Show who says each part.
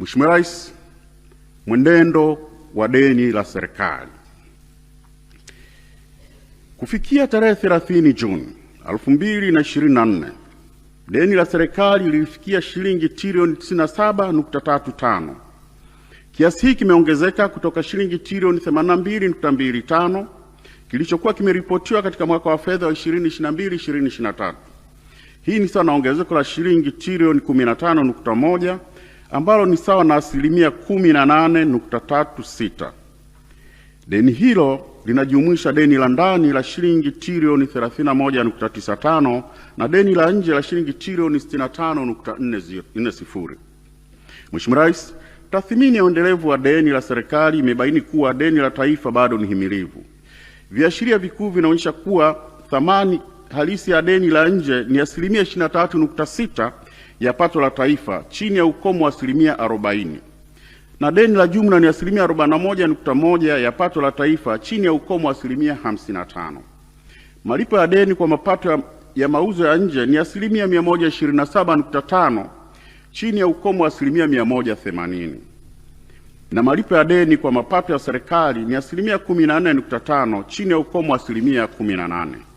Speaker 1: Mheshimiwa Rais, mwenendo wa deni la serikali kufikia tarehe 30 Juni 2024 deni la serikali lilifikia shilingi trilioni 97.35. Kiasi hii kimeongezeka kutoka shilingi trilioni 82.25 kilichokuwa kimeripotiwa katika mwaka wa fedha wa 2022/2023. Hii ni sawa na ongezeko la shilingi trilioni 15.1 ambalo ni sawa na asilimia 18.36. Deni hilo linajumuisha deni la ndani la shilingi trilioni 31.95 na deni la nje la shilingi trilioni 65.40. Mheshimiwa Rais, tathmini ya uendelevu wa deni la serikali imebaini kuwa deni la taifa bado ni himilivu. Viashiria vikuu vinaonyesha kuwa thamani halisi ya deni la nje ni asilimia 23.6 ya pato la taifa chini ya ukomo wa asilimia 40 na deni la jumla ni asilimia 41.1 ya pato la taifa chini ya ukomo wa asilimia 55. Malipo ya deni kwa mapato ya, ya mauzo ya nje ni asilimia 127.5 chini ya ukomo wa asilimia 180 na malipo ya deni kwa mapato ya serikali ni asilimia 14.5 chini ya ukomo wa asilimia 18.